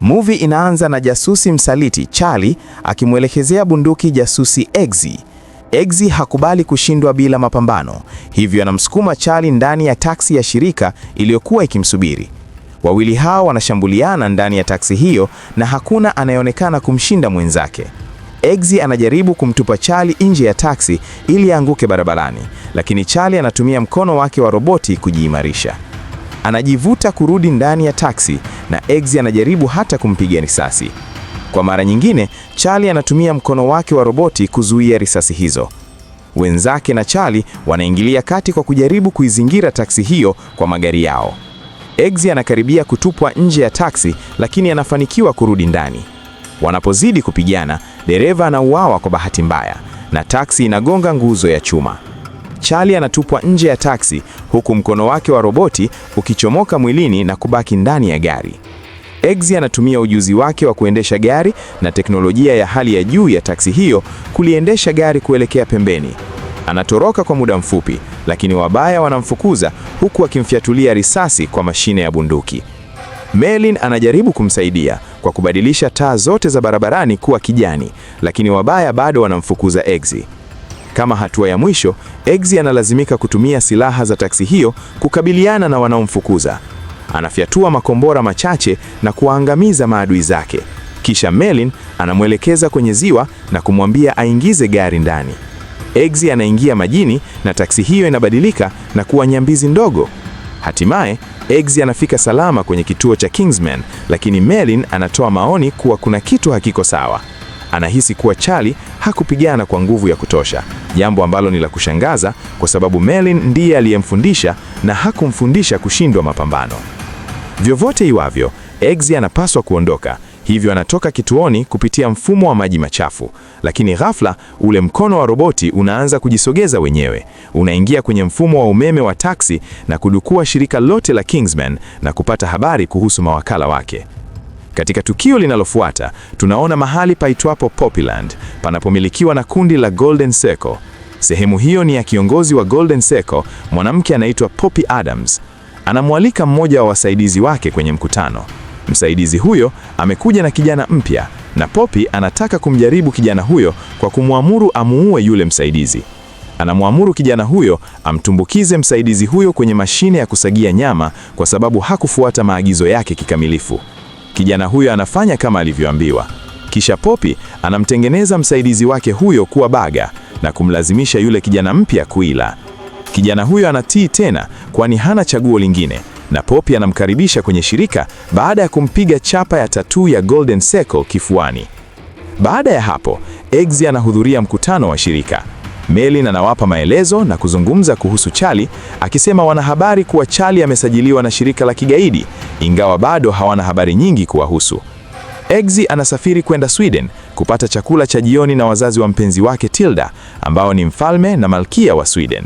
Movie inaanza na jasusi msaliti Charlie akimwelekezea bunduki jasusi Eggsy. Eggsy hakubali kushindwa bila mapambano, hivyo anamsukuma Charlie ndani ya taksi ya shirika iliyokuwa ikimsubiri. Wawili hao wanashambuliana ndani ya taksi hiyo na hakuna anayeonekana kumshinda mwenzake. Eggsy anajaribu kumtupa Charlie nje ya taksi ili aanguke barabarani, lakini Charlie anatumia mkono wake wa roboti kujiimarisha. Anajivuta kurudi ndani ya taksi na Eggsy anajaribu hata kumpiga risasi. Kwa mara nyingine, Charlie anatumia mkono wake wa roboti kuzuia risasi hizo. Wenzake na Charlie wanaingilia kati kwa kujaribu kuizingira taksi hiyo kwa magari yao. Eggsy anakaribia kutupwa nje ya taksi lakini anafanikiwa kurudi ndani. Wanapozidi kupigana, dereva anauawa kwa bahati mbaya na taksi inagonga nguzo ya chuma. Charlie anatupwa nje ya taksi huku mkono wake wa roboti ukichomoka mwilini na kubaki ndani ya gari. Eggsy anatumia ujuzi wake wa kuendesha gari na teknolojia ya hali ya juu ya taksi hiyo kuliendesha gari kuelekea pembeni. Anatoroka kwa muda mfupi, lakini wabaya wanamfukuza huku akimfyatulia risasi kwa mashine ya bunduki. Merlin anajaribu kumsaidia kwa kubadilisha taa zote za barabarani kuwa kijani, lakini wabaya bado wanamfukuza Eggsy. Kama hatua ya mwisho, Eggsy analazimika kutumia silaha za taksi hiyo kukabiliana na wanaomfukuza. Anafyatua makombora machache na kuwaangamiza maadui zake. Kisha Merlin anamwelekeza kwenye ziwa na kumwambia aingize gari ndani. Eggsy anaingia majini na taksi hiyo inabadilika na kuwa nyambizi ndogo. Hatimaye Eggsy anafika salama kwenye kituo cha Kingsman, lakini Merlin anatoa maoni kuwa kuna kitu hakiko sawa. Anahisi kuwa Charlie hakupigana kwa nguvu ya kutosha, jambo ambalo ni la kushangaza kwa sababu Merlin ndiye aliyemfundisha na hakumfundisha kushindwa mapambano. Vyovyote iwavyo, Eggsy anapaswa kuondoka, hivyo anatoka kituoni kupitia mfumo wa maji machafu, lakini ghafla ule mkono wa roboti unaanza kujisogeza wenyewe, unaingia kwenye mfumo wa umeme wa taksi na kudukua shirika lote la Kingsman na kupata habari kuhusu mawakala wake. Katika tukio linalofuata tunaona mahali paitwapo Poppyland panapomilikiwa na kundi la Golden Circle. Sehemu hiyo ni ya kiongozi wa Golden Circle, mwanamke anaitwa Poppy Adams. Anamwalika mmoja wa wasaidizi wake kwenye mkutano. Msaidizi huyo amekuja na kijana mpya na Poppy anataka kumjaribu kijana huyo kwa kumwamuru amuue yule msaidizi. Anamwamuru kijana huyo amtumbukize msaidizi huyo kwenye mashine ya kusagia nyama kwa sababu hakufuata maagizo yake kikamilifu. Kijana huyo anafanya kama alivyoambiwa. Kisha Poppy anamtengeneza msaidizi wake huyo kuwa baga na kumlazimisha yule kijana mpya kuila. Kijana huyo anatii tena, kwani hana chaguo lingine, na Poppy anamkaribisha kwenye shirika baada ya kumpiga chapa ya tatuu ya Golden Circle kifuani. Baada ya hapo, Eggsy anahudhuria mkutano wa shirika. Merlin anawapa maelezo na kuzungumza kuhusu Charlie akisema wanahabari kuwa Charlie amesajiliwa na shirika la kigaidi ingawa bado hawana habari nyingi kuwahusu. Eggsy anasafiri kwenda Sweden kupata chakula cha jioni na wazazi wa mpenzi wake Tilda, ambao ni mfalme na malkia wa Sweden.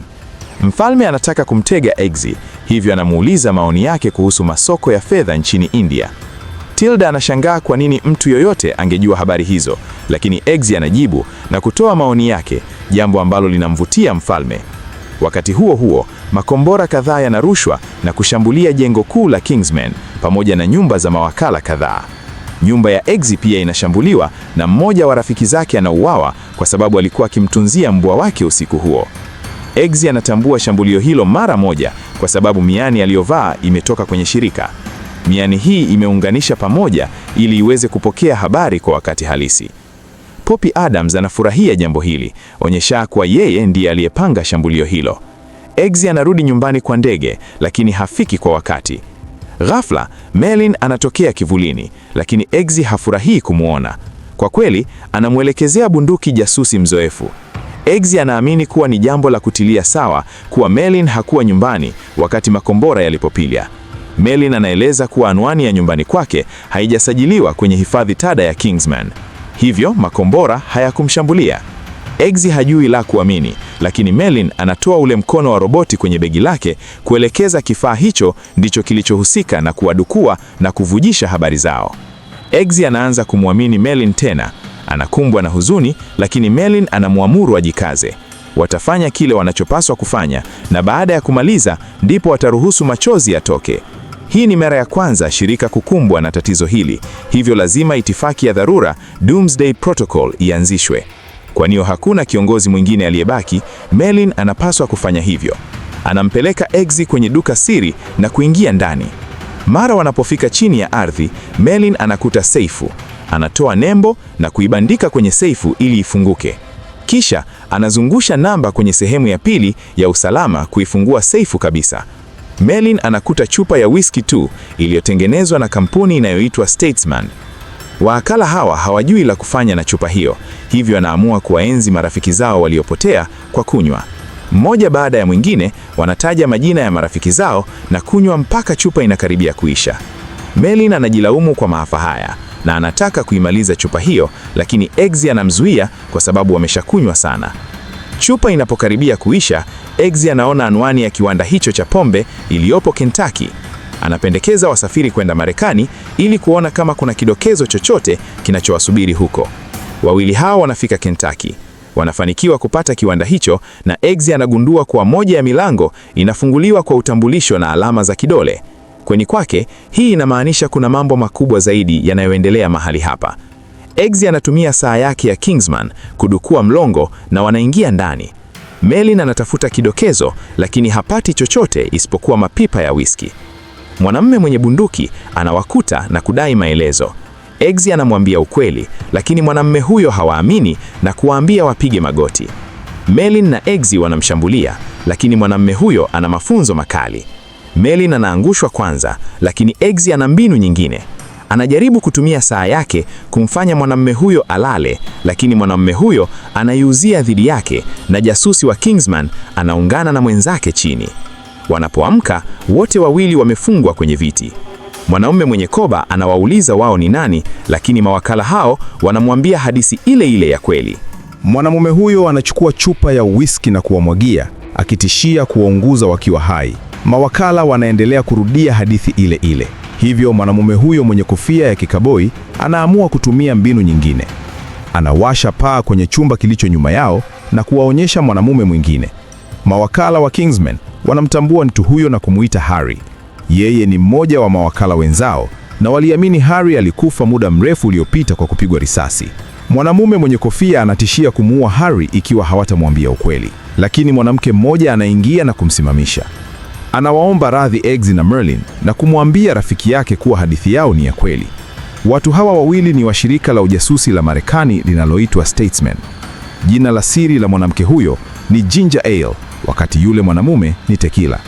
Mfalme anataka kumtega Eggsy, hivyo anamuuliza maoni yake kuhusu masoko ya fedha nchini India. Tilda anashangaa kwa nini mtu yoyote angejua habari hizo, lakini Eggsy anajibu na kutoa maoni yake, jambo ambalo linamvutia mfalme. Wakati huo huo, makombora kadhaa yanarushwa na kushambulia jengo kuu la Kingsmen pamoja na nyumba za mawakala kadhaa. Nyumba ya Eggsy pia inashambuliwa na mmoja wa rafiki zake anauawa kwa sababu alikuwa akimtunzia mbwa wake usiku huo. Eggsy anatambua shambulio hilo mara moja kwa sababu miani aliyovaa imetoka kwenye shirika. Miani hii imeunganisha pamoja ili iweze kupokea habari kwa wakati halisi. Poppy Adams anafurahia jambo hili, onyesha kuwa yeye ndiye aliyepanga shambulio hilo. Eggsy anarudi nyumbani kwa ndege, lakini hafiki kwa wakati. Ghafla, Merlin anatokea kivulini, lakini Eggsy hafurahii kumwona. Kwa kweli, anamwelekezea bunduki jasusi mzoefu. Eggsy anaamini kuwa ni jambo la kutilia sawa kuwa Merlin hakuwa nyumbani wakati makombora yalipopilia. Merlin anaeleza kuwa anwani ya nyumbani kwake haijasajiliwa kwenye hifadhi tada ya Kingsman hivyo makombora hayakumshambulia. Eggsy hajui la kuamini, lakini Merlin anatoa ule mkono wa roboti kwenye begi lake kuelekeza kifaa hicho ndicho kilichohusika na kuwadukua na kuvujisha habari zao. Eggsy anaanza kumwamini Merlin tena, anakumbwa na huzuni, lakini Merlin anamwamuru ajikaze. Watafanya kile wanachopaswa kufanya, na baada ya kumaliza ndipo wataruhusu machozi yatoke. Hii ni mara ya kwanza shirika kukumbwa na tatizo hili, hivyo lazima itifaki ya dharura Doomsday Protocol ianzishwe. Kwa niyo hakuna kiongozi mwingine aliyebaki, Merlin anapaswa kufanya hivyo. Anampeleka Eggsy kwenye duka siri na kuingia ndani. Mara wanapofika chini ya ardhi, Merlin anakuta seifu. Anatoa nembo na kuibandika kwenye seifu ili ifunguke. Kisha anazungusha namba kwenye sehemu ya pili ya usalama kuifungua seifu kabisa. Merlin anakuta chupa ya whisky tu iliyotengenezwa na kampuni inayoitwa Statesman. Waakala hawa hawajui la kufanya na chupa hiyo, hivyo anaamua kuwaenzi marafiki zao waliopotea kwa kunywa. Mmoja baada ya mwingine wanataja majina ya marafiki zao na kunywa mpaka chupa inakaribia kuisha. Merlin anajilaumu kwa maafa haya na anataka kuimaliza chupa hiyo, lakini Eggsy anamzuia kwa sababu wameshakunywa sana. Chupa inapokaribia kuisha, Eggsy anaona anwani ya kiwanda hicho cha pombe iliyopo Kentucky. Anapendekeza wasafiri kwenda Marekani ili kuona kama kuna kidokezo chochote kinachowasubiri huko. Wawili hao wanafika Kentucky. Wanafanikiwa kupata kiwanda hicho na Eggsy anagundua kuwa moja ya milango inafunguliwa kwa utambulisho na alama za kidole. Kweni kwake, hii inamaanisha kuna mambo makubwa zaidi yanayoendelea mahali hapa. Eggsy anatumia saa yake ya Kingsman kudukua mlongo na wanaingia ndani. Merlin anatafuta kidokezo lakini hapati chochote isipokuwa mapipa ya whisky. Mwanamume mwenye bunduki anawakuta na kudai maelezo. Eggsy anamwambia ukweli, lakini mwanamume huyo hawaamini na kuwaambia wapige magoti. Merlin na Eggsy wanamshambulia, lakini mwanamume huyo ana mafunzo makali. Merlin anaangushwa kwanza, lakini Eggsy ana mbinu nyingine. Anajaribu kutumia saa yake kumfanya mwanamume huyo alale, lakini mwanamume huyo anaiuzia dhidi yake na jasusi wa Kingsman anaungana na mwenzake chini. Wanapoamka, wote wawili wamefungwa kwenye viti. Mwanaume mwenye koba anawauliza wao ni nani, lakini mawakala hao wanamwambia hadithi ile ile ya kweli. Mwanamume huyo anachukua chupa ya whisky na kuwamwagia, akitishia kuwaunguza wakiwa hai. Mawakala wanaendelea kurudia hadithi ile ile. Hivyo mwanamume huyo mwenye kofia ya kikaboi anaamua kutumia mbinu nyingine. Anawasha paa kwenye chumba kilicho nyuma yao na kuwaonyesha mwanamume mwingine. Mawakala wa Kingsman wanamtambua mtu huyo na kumuita Harry. Yeye ni mmoja wa mawakala wenzao na waliamini Harry alikufa muda mrefu uliopita kwa kupigwa risasi. Mwanamume mwenye kofia anatishia kumuua Harry ikiwa hawatamwambia ukweli, lakini mwanamke mmoja anaingia na kumsimamisha. Anawaomba radhi Eggsy na Merlin na kumwambia rafiki yake kuwa hadithi yao ni ya kweli. Watu hawa wawili ni wa shirika la ujasusi la Marekani linaloitwa Statesman. Jina la siri la mwanamke huyo ni Ginger Ale, wakati yule mwanamume ni Tequila.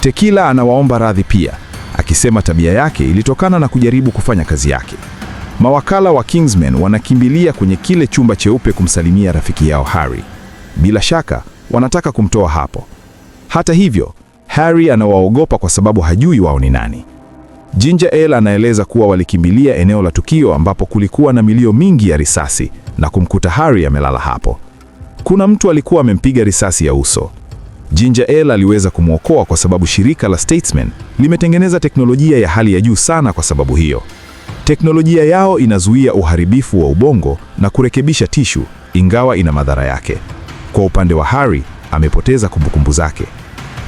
Tequila anawaomba radhi pia, akisema tabia yake ilitokana na kujaribu kufanya kazi yake. Mawakala wa Kingsman wanakimbilia kwenye kile chumba cheupe kumsalimia rafiki yao Harry. Bila shaka wanataka kumtoa hapo. Hata hivyo Harry anawaogopa kwa sababu hajui wao ni nani. Ginger Ale anaeleza kuwa walikimbilia eneo la tukio ambapo kulikuwa na milio mingi ya risasi na kumkuta Harry amelala hapo. Kuna mtu alikuwa amempiga risasi ya uso. Ginger Ale aliweza kumwokoa kwa sababu shirika la Statesman limetengeneza teknolojia ya hali ya juu sana kwa sababu hiyo. Teknolojia yao inazuia uharibifu wa ubongo na kurekebisha tishu, ingawa ina madhara yake. Kwa upande wa Harry, amepoteza kumbukumbu zake.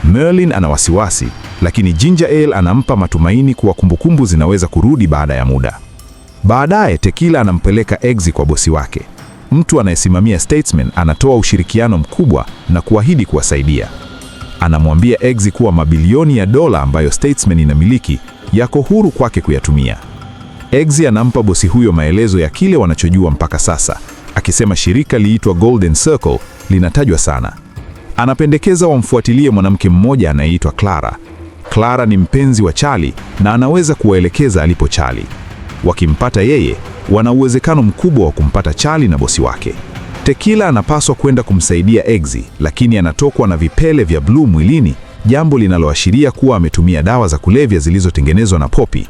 Merlin ana wasiwasi, lakini Ginger Ale anampa matumaini kuwa kumbukumbu zinaweza kurudi baada ya muda. Baadaye Tequila anampeleka Eggsy kwa bosi wake, mtu anayesimamia Statesman. Anatoa ushirikiano mkubwa na kuahidi kuwasaidia. Anamwambia Eggsy kuwa mabilioni ya dola ambayo Statesman inamiliki yako huru kwake kuyatumia. Eggsy anampa bosi huyo maelezo ya kile wanachojua mpaka sasa, akisema shirika liitwa Golden Circle linatajwa sana. Anapendekeza wamfuatilie mwanamke mmoja anayeitwa Clara. Clara ni mpenzi wa Charlie na anaweza kuwaelekeza alipo Charlie. Wakimpata yeye, wana uwezekano mkubwa wa kumpata Charlie na bosi wake. Tekila anapaswa kwenda kumsaidia Exi, lakini anatokwa na vipele vya bluu mwilini, jambo linaloashiria kuwa ametumia dawa za kulevya zilizotengenezwa na Poppy.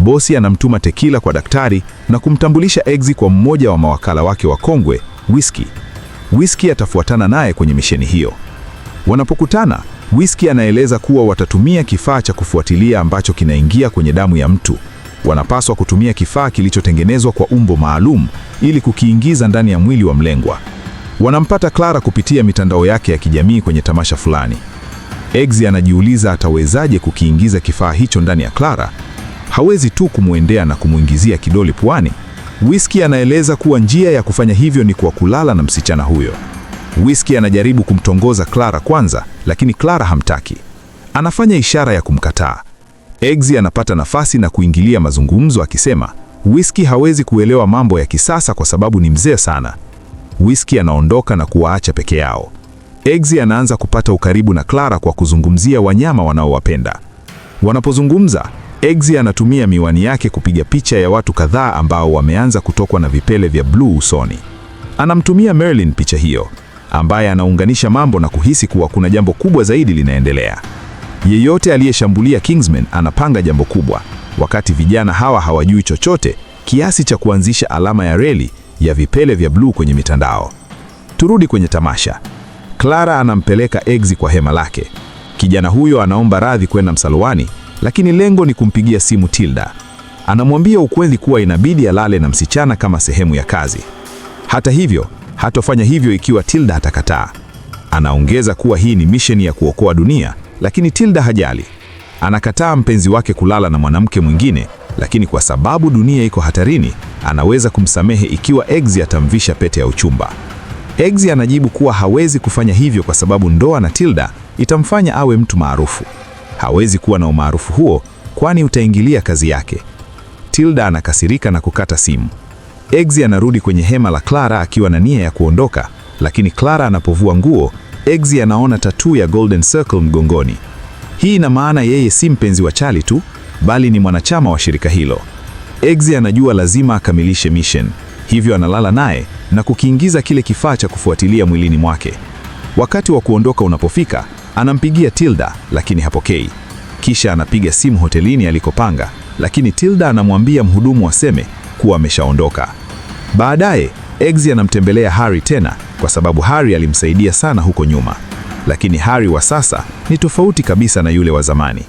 Bosi anamtuma Tekila kwa daktari na kumtambulisha Exi kwa mmoja wa mawakala wake wa kongwe Whiskey. Whisky atafuatana naye kwenye misheni hiyo. Wanapokutana, Whisky anaeleza kuwa watatumia kifaa cha kufuatilia ambacho kinaingia kwenye damu ya mtu. Wanapaswa kutumia kifaa kilichotengenezwa kwa umbo maalum ili kukiingiza ndani ya mwili wa mlengwa. Wanampata Clara kupitia mitandao yake ya kijamii kwenye tamasha fulani. Eggsy anajiuliza atawezaje kukiingiza kifaa hicho ndani ya Clara. Hawezi tu kumwendea na kumwingizia kidole puani. Whisky anaeleza kuwa njia ya kufanya hivyo ni kwa kulala na msichana huyo. Whisky anajaribu kumtongoza Clara kwanza, lakini Clara hamtaki. Anafanya ishara ya kumkataa. Eggsy anapata nafasi na kuingilia mazungumzo akisema Whisky hawezi kuelewa mambo ya kisasa kwa sababu ni mzee sana. Whisky anaondoka na kuwaacha peke yao. Eggsy anaanza kupata ukaribu na Clara kwa kuzungumzia wanyama wanaowapenda. Wanapozungumza, Eggsy anatumia miwani yake kupiga picha ya watu kadhaa ambao wameanza kutokwa na vipele vya bluu usoni. Anamtumia Merlin picha hiyo, ambaye anaunganisha mambo na kuhisi kuwa kuna jambo kubwa zaidi linaendelea. Yeyote aliyeshambulia Kingsman anapanga jambo kubwa, wakati vijana hawa hawajui chochote kiasi cha kuanzisha alama ya reli ya vipele vya bluu kwenye mitandao. Turudi kwenye tamasha. Clara anampeleka Eggsy kwa hema lake. Kijana huyo anaomba radhi kwenda msalwani lakini lengo ni kumpigia simu Tilda. Anamwambia ukweli kuwa inabidi alale na msichana kama sehemu ya kazi. Hata hivyo, hatofanya hivyo ikiwa Tilda atakataa. Anaongeza kuwa hii ni misheni ya kuokoa dunia, lakini Tilda hajali. Anakataa mpenzi wake kulala na mwanamke mwingine, lakini kwa sababu dunia iko hatarini, anaweza kumsamehe ikiwa Exi atamvisha pete ya uchumba. Exi anajibu kuwa hawezi kufanya hivyo kwa sababu ndoa na Tilda itamfanya awe mtu maarufu hawezi kuwa na umaarufu huo, kwani utaingilia kazi yake. Tilda anakasirika na kukata simu. Eggsy anarudi kwenye hema la Clara akiwa na nia ya kuondoka, lakini Clara anapovua nguo, Eggsy anaona tatuu ya Golden Circle mgongoni. Hii ina maana yeye si mpenzi wa Charlie tu, bali ni mwanachama wa shirika hilo. Eggsy anajua lazima akamilishe mission, hivyo analala naye na kukiingiza kile kifaa cha kufuatilia mwilini mwake. Wakati wa kuondoka unapofika, Anampigia Tilda lakini hapokei. Kisha anapiga simu hotelini alikopanga, lakini Tilda anamwambia mhudumu aseme kuwa ameshaondoka. Baadaye Eggsy anamtembelea Harry tena kwa sababu Harry alimsaidia sana huko nyuma, lakini Harry wa sasa ni tofauti kabisa na yule wa zamani.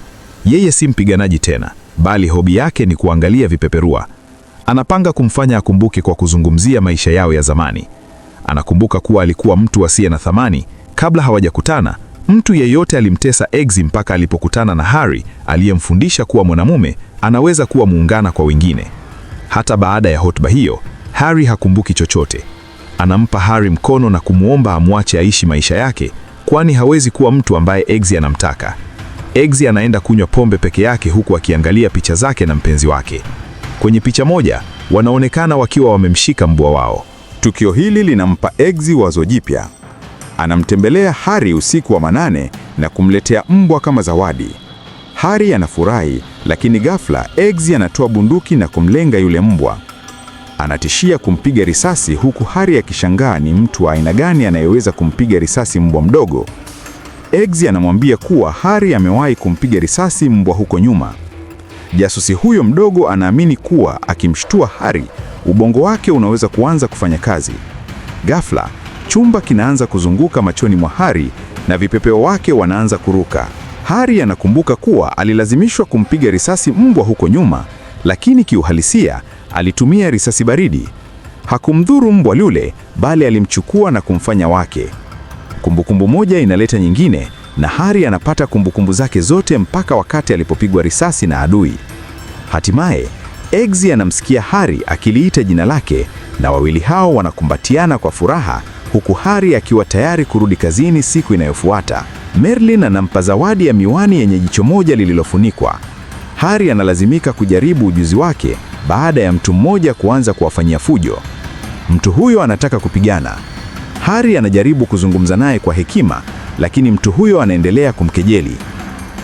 Yeye si mpiganaji tena, bali hobi yake ni kuangalia vipeperua. Anapanga kumfanya akumbuke kwa kuzungumzia maisha yao ya zamani. Anakumbuka kuwa alikuwa mtu asiye na thamani kabla hawajakutana. Mtu yeyote alimtesa Eggsy mpaka alipokutana na Harry aliyemfundisha kuwa mwanamume anaweza kuwa muungana kwa wengine. Hata baada ya hotuba hiyo, Harry hakumbuki chochote. Anampa Harry mkono na kumwomba amwache aishi maisha yake, kwani hawezi kuwa mtu ambaye Eggsy anamtaka. Eggsy anaenda kunywa pombe peke yake huku akiangalia picha zake na mpenzi wake. Kwenye picha moja, wanaonekana wakiwa wamemshika mbwa wao. Tukio hili linampa Eggsy wazo jipya. Anamtembelea Hari usiku wa manane na kumletea mbwa kama zawadi. Hari anafurahi, lakini ghafla Eggs anatoa bunduki na kumlenga yule mbwa. Anatishia kumpiga risasi huku Hari akishangaa ni mtu wa aina gani anayeweza kumpiga risasi mbwa mdogo. Eggs anamwambia kuwa Hari amewahi kumpiga risasi mbwa huko nyuma. Jasusi huyo mdogo anaamini kuwa akimshtua Hari, ubongo wake unaweza kuanza kufanya kazi. Ghafla Chumba kinaanza kuzunguka machoni mwa Hari na vipepeo wake wanaanza kuruka. Hari anakumbuka kuwa alilazimishwa kumpiga risasi mbwa huko nyuma, lakini kiuhalisia alitumia risasi baridi. Hakumdhuru mbwa yule, bali alimchukua na kumfanya wake. Kumbukumbu moja inaleta nyingine, na Hari anapata kumbukumbu zake zote mpaka wakati alipopigwa risasi na adui. Hatimaye Eggsy anamsikia Hari akiliita jina lake na wawili hao wanakumbatiana kwa furaha huku Harry akiwa tayari kurudi kazini siku inayofuata. Merlin anampa zawadi ya miwani yenye jicho moja lililofunikwa. Harry analazimika kujaribu ujuzi wake baada ya mtu mmoja kuanza kuwafanyia fujo. Mtu huyo anataka kupigana. Harry anajaribu kuzungumza naye kwa hekima, lakini mtu huyo anaendelea kumkejeli.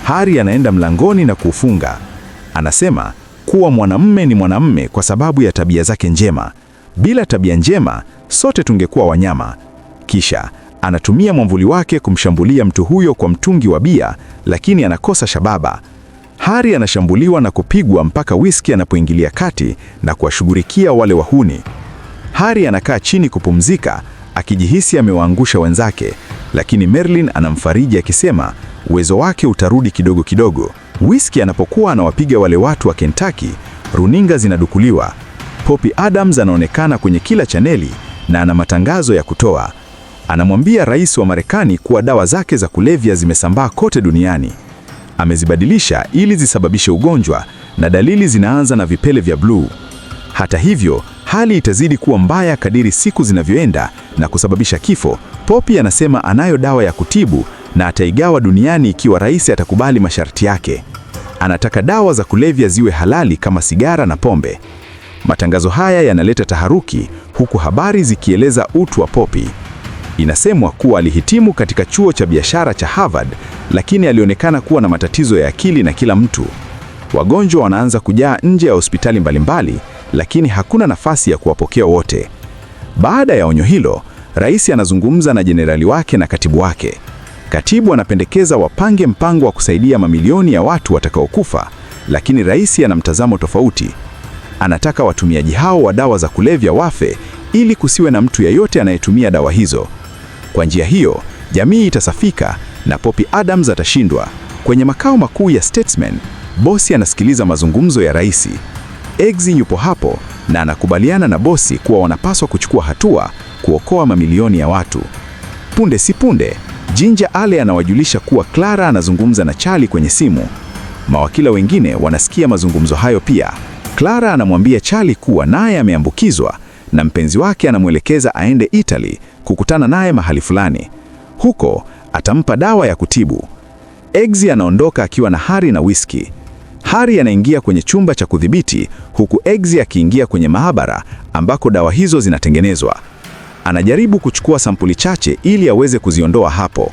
Harry anaenda mlangoni na kuufunga. Anasema kuwa mwanamme ni mwanamme kwa sababu ya tabia zake njema. Bila tabia njema, sote tungekuwa wanyama. Kisha anatumia mwamvuli wake kumshambulia mtu huyo kwa mtungi wa bia, lakini anakosa shababa. Hari anashambuliwa na kupigwa mpaka Whisky anapoingilia kati na kuwashughulikia wale wahuni. Hari anakaa chini kupumzika akijihisi amewaangusha wenzake, lakini Merlin anamfariji akisema uwezo wake utarudi kidogo kidogo. Whisky anapokuwa anawapiga wale watu wa Kentucky, runinga zinadukuliwa. Poppy Adams anaonekana kwenye kila chaneli na ana matangazo ya kutoa. Anamwambia rais wa Marekani kuwa dawa zake za kulevya zimesambaa kote duniani. Amezibadilisha ili zisababishe ugonjwa na dalili zinaanza na vipele vya bluu. Hata hivyo, hali itazidi kuwa mbaya kadiri siku zinavyoenda na kusababisha kifo. Poppy anasema anayo dawa ya kutibu na ataigawa duniani ikiwa rais atakubali masharti yake. Anataka dawa za kulevya ziwe halali kama sigara na pombe. Matangazo haya yanaleta taharuki, huku habari zikieleza utu wa Poppy. Inasemwa kuwa alihitimu katika chuo cha biashara cha Harvard, lakini alionekana kuwa na matatizo ya akili na kila mtu. Wagonjwa wanaanza kujaa nje ya hospitali mbalimbali, lakini hakuna nafasi ya kuwapokea wote. Baada ya onyo hilo, rais anazungumza na jenerali wake na katibu wake. Katibu anapendekeza wapange mpango wa kusaidia mamilioni ya watu watakaokufa, lakini rais ana mtazamo tofauti. Anataka watumiaji hao wa dawa za kulevya wafe ili kusiwe na mtu yeyote anayetumia dawa hizo. Kwa njia hiyo, jamii itasafika na Poppy Adams atashindwa. Kwenye makao makuu ya Statesman, bosi anasikiliza mazungumzo ya rais. Eggsy yupo hapo na anakubaliana na bosi kuwa wanapaswa kuchukua hatua kuokoa mamilioni ya watu. Punde si punde, Jinja Ale anawajulisha kuwa Clara anazungumza na Charlie kwenye simu. Mawakila wengine wanasikia mazungumzo hayo pia. Clara anamwambia Charlie kuwa naye ameambukizwa na mpenzi wake anamwelekeza aende Italy kukutana naye mahali fulani. Huko atampa dawa ya kutibu. Eggsy anaondoka akiwa na Harry na whisky. Harry anaingia kwenye chumba cha kudhibiti huku Eggsy akiingia kwenye maabara ambako dawa hizo zinatengenezwa. Anajaribu kuchukua sampuli chache ili aweze kuziondoa hapo.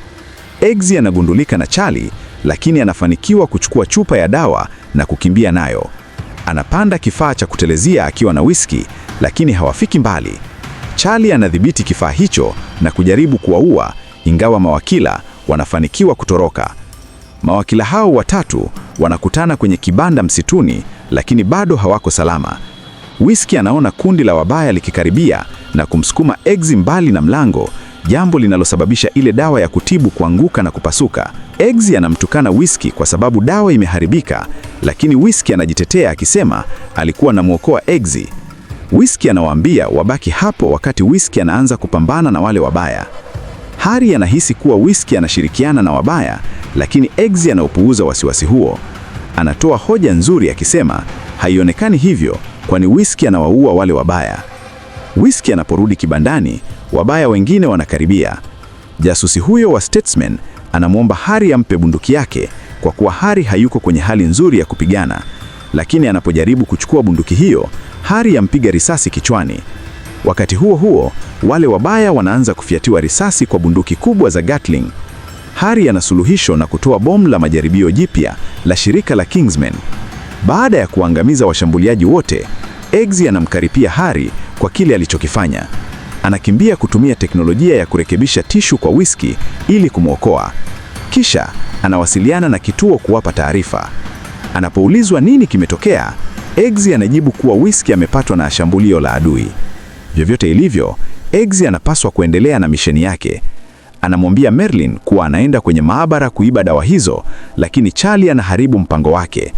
Eggsy anagundulika na Charlie, lakini anafanikiwa kuchukua chupa ya dawa na kukimbia nayo. Anapanda kifaa cha kutelezia akiwa na whisky, lakini hawafiki mbali. Charlie anadhibiti kifaa hicho na kujaribu kuwaua, ingawa mawakila wanafanikiwa kutoroka. Mawakila hao watatu wanakutana kwenye kibanda msituni, lakini bado hawako salama. Whisky anaona kundi la wabaya likikaribia na kumsukuma Exi mbali na mlango jambo linalosababisha ile dawa ya kutibu kuanguka na kupasuka. Eggs anamtukana Whisky kwa sababu dawa imeharibika, lakini Whisky anajitetea akisema alikuwa anamwokoa Eggs. Whisky anawaambia wabaki hapo, wakati Whisky anaanza kupambana na wale wabaya. Harry anahisi kuwa Whisky anashirikiana na wabaya, lakini Eggs anaupuuza wasiwasi huo. Anatoa hoja nzuri akisema haionekani hivyo, kwani Whisky anawaua wale wabaya. Whisky anaporudi kibandani Wabaya wengine wanakaribia. Jasusi huyo wa Statesman anamwomba Harry ampe bunduki yake kwa kuwa Harry hayuko kwenye hali nzuri ya kupigana, lakini anapojaribu kuchukua bunduki hiyo, Harry ampiga risasi kichwani. Wakati huo huo, wale wabaya wanaanza kufyatiwa risasi kwa bunduki kubwa za Gatling. Harry ana suluhisho na kutoa bomu la majaribio jipya la shirika la Kingsman. Baada ya kuangamiza washambuliaji wote, Eggsy anamkaripia Harry kwa kile alichokifanya anakimbia kutumia teknolojia ya kurekebisha tishu kwa whisky ili kumwokoa. Kisha anawasiliana na kituo kuwapa taarifa. Anapoulizwa nini kimetokea, Eggsy anajibu kuwa whisky amepatwa na shambulio la adui. Vyovyote ilivyo, Eggsy anapaswa kuendelea na misheni yake. Anamwambia Merlin kuwa anaenda kwenye maabara kuiba dawa hizo, lakini Charlie anaharibu mpango wake.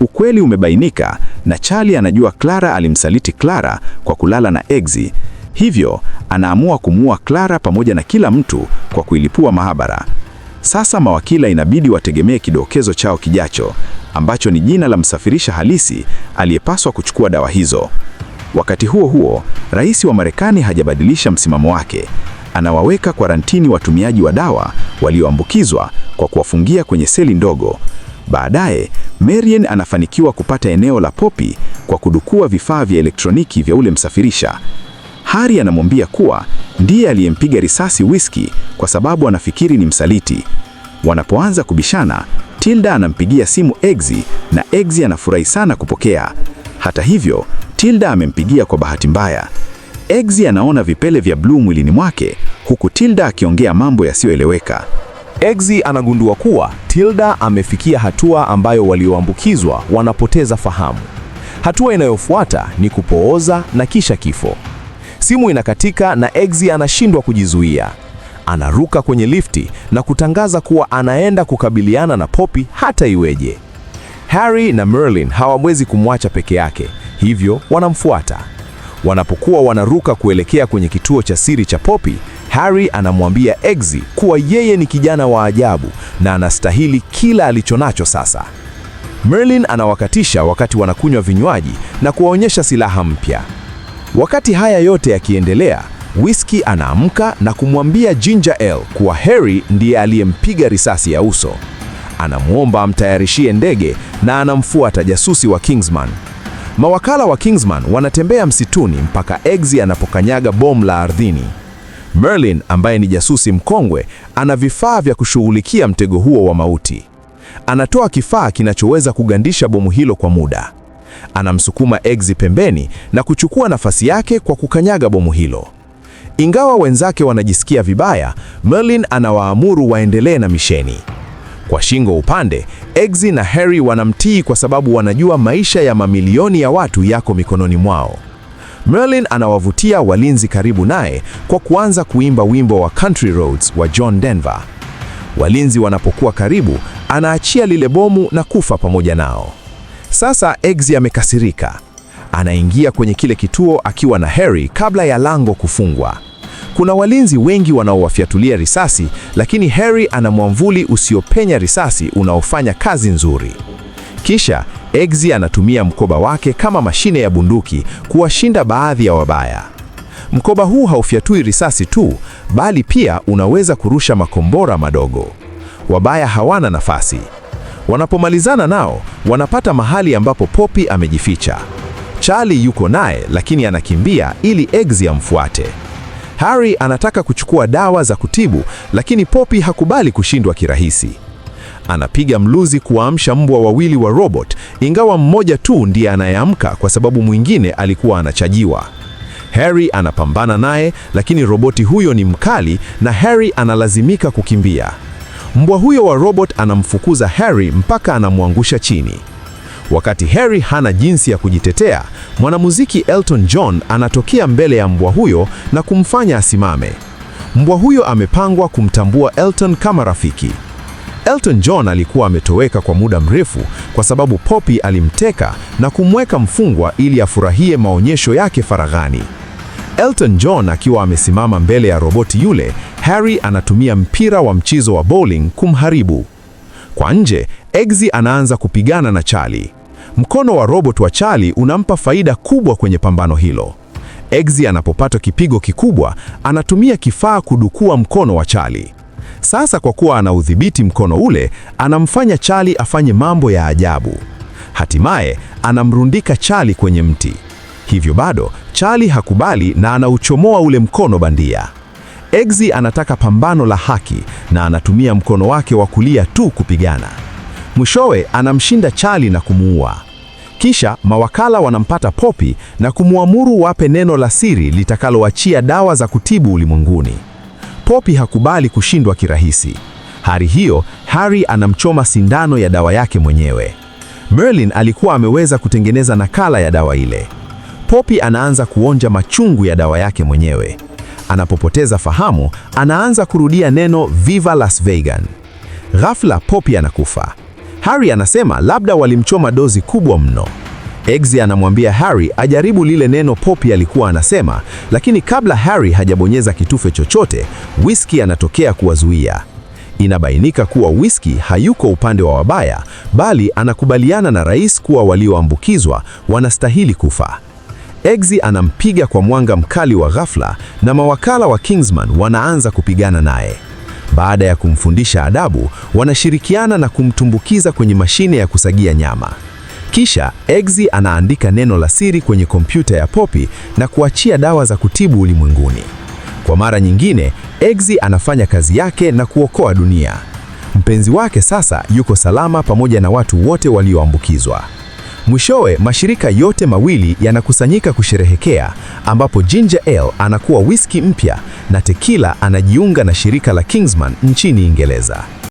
Ukweli umebainika na Charlie anajua Clara alimsaliti Clara kwa kulala na Eggsy. Hivyo anaamua kumuua Clara pamoja na kila mtu kwa kuilipua maabara. Sasa mawakila inabidi wategemee kidokezo chao kijacho ambacho ni jina la msafirisha halisi aliyepaswa kuchukua dawa hizo. Wakati huo huo, rais wa Marekani hajabadilisha msimamo wake. Anawaweka kwarantini watumiaji wa dawa walioambukizwa kwa kuwafungia kwenye seli ndogo. Baadaye, Marian anafanikiwa kupata eneo la Poppy kwa kudukua vifaa vya elektroniki vya ule msafirisha. Hari anamwambia kuwa ndiye aliyempiga risasi Whisky kwa sababu anafikiri ni msaliti. Wanapoanza kubishana, Tilda anampigia simu Eggsy na Eggsy anafurahi sana kupokea. Hata hivyo, Tilda amempigia kwa bahati mbaya. Eggsy anaona vipele vya bluu mwilini mwake huku Tilda akiongea mambo yasiyoeleweka. Eggsy anagundua kuwa Tilda amefikia hatua ambayo walioambukizwa wanapoteza fahamu. Hatua inayofuata ni kupooza na kisha kifo. Simu inakatika na Eggsy anashindwa kujizuia. Anaruka kwenye lifti na kutangaza kuwa anaenda kukabiliana na Poppy hata iweje. Harry na Merlin hawawezi kumwacha peke yake, hivyo wanamfuata. Wanapokuwa wanaruka kuelekea kwenye kituo cha siri cha Poppy, Harry anamwambia Eggsy kuwa yeye ni kijana wa ajabu na anastahili kila alichonacho sasa. Merlin anawakatisha wakati wanakunywa vinywaji na kuwaonyesha silaha mpya. Wakati haya yote yakiendelea, Whiskey anaamka na kumwambia Ginger Ale kuwa Harry ndiye aliyempiga risasi ya uso. Anamwomba amtayarishie ndege na anamfuata jasusi wa Kingsman. Mawakala wa Kingsman wanatembea msituni mpaka Eggsy anapokanyaga bomu la ardhini. Merlin ambaye ni jasusi mkongwe ana vifaa vya kushughulikia mtego huo wa mauti. Anatoa kifaa kinachoweza kugandisha bomu hilo kwa muda. Anamsukuma Eggsy pembeni na kuchukua nafasi yake kwa kukanyaga bomu hilo. Ingawa wenzake wanajisikia vibaya, Merlin anawaamuru waendelee na misheni. Kwa shingo upande, Eggsy na Harry wanamtii kwa sababu wanajua maisha ya mamilioni ya watu yako mikononi mwao. Merlin anawavutia walinzi karibu naye kwa kuanza kuimba wimbo wa Country Roads wa John Denver. Walinzi wanapokuwa karibu, anaachia lile bomu na kufa pamoja nao. Sasa Eggsy amekasirika. Anaingia kwenye kile kituo akiwa na Harry kabla ya lango kufungwa. Kuna walinzi wengi wanaowafyatulia risasi, lakini Harry ana mwamvuli usiopenya risasi unaofanya kazi nzuri. Kisha Eggsy anatumia mkoba wake kama mashine ya bunduki kuwashinda baadhi ya wabaya. Mkoba huu haufyatui risasi tu, bali pia unaweza kurusha makombora madogo. Wabaya hawana nafasi. Wanapomalizana nao, wanapata mahali ambapo Poppy amejificha. Charlie yuko naye lakini anakimbia ili Eggsy amfuate. Harry anataka kuchukua dawa za kutibu lakini Poppy hakubali kushindwa kirahisi. Anapiga mluzi kuwaamsha mbwa wawili wa robot, ingawa mmoja tu ndiye anayeamka kwa sababu mwingine alikuwa anachajiwa. Harry anapambana naye, lakini roboti huyo ni mkali na Harry analazimika kukimbia. Mbwa huyo wa robot anamfukuza Harry mpaka anamwangusha chini. Wakati Harry hana jinsi ya kujitetea, mwanamuziki Elton John anatokea mbele ya mbwa huyo na kumfanya asimame. Mbwa huyo amepangwa kumtambua Elton kama rafiki. Elton John alikuwa ametoweka kwa muda mrefu kwa sababu Poppy alimteka na kumweka mfungwa ili afurahie maonyesho yake faraghani. Elton John akiwa amesimama mbele ya roboti yule, Harry anatumia mpira wa mchezo wa bowling kumharibu. Kwa nje, Eggsy anaanza kupigana na Charlie. Mkono wa robot wa Charlie unampa faida kubwa kwenye pambano hilo. Eggsy anapopata kipigo kikubwa, anatumia kifaa kudukua mkono wa Charlie. Sasa kwa kuwa anaudhibiti mkono ule, anamfanya Charlie afanye mambo ya ajabu. Hatimaye anamrundika Charlie kwenye mti. Hivyo bado Charlie hakubali na anauchomoa ule mkono bandia. Eggsy anataka pambano la haki na anatumia mkono wake wa kulia tu kupigana. Mwishowe anamshinda Charlie na kumuua. Kisha mawakala wanampata Poppy na kumwamuru wape neno la siri litakaloachia dawa za kutibu ulimwenguni. Poppy hakubali kushindwa kirahisi. Hari hiyo Harry anamchoma sindano ya dawa yake mwenyewe. Merlin alikuwa ameweza kutengeneza nakala ya dawa ile. Poppy anaanza kuonja machungu ya dawa yake mwenyewe. Anapopoteza fahamu, anaanza kurudia neno Viva Las Vegas. Ghafla Poppy anakufa. Harry anasema labda walimchoma dozi kubwa mno. Eggsy anamwambia Harry ajaribu lile neno Poppy alikuwa anasema, lakini kabla Harry hajabonyeza kitufe chochote, Whiskey anatokea kuwazuia. Inabainika kuwa Whiskey hayuko upande wa wabaya, bali anakubaliana na rais kuwa walioambukizwa wanastahili kufa. Eggsy anampiga kwa mwanga mkali wa ghafla na mawakala wa Kingsman wanaanza kupigana naye. Baada ya kumfundisha adabu, wanashirikiana na kumtumbukiza kwenye mashine ya kusagia nyama. Kisha Eggsy anaandika neno la siri kwenye kompyuta ya Poppy na kuachia dawa za kutibu ulimwenguni. Kwa mara nyingine, Eggsy anafanya kazi yake na kuokoa dunia. Mpenzi wake sasa yuko salama pamoja na watu wote walioambukizwa. Mwishowe mashirika yote mawili yanakusanyika kusherehekea, ambapo Ginger Ale anakuwa whisky mpya na Tequila anajiunga na shirika la Kingsman nchini Uingereza.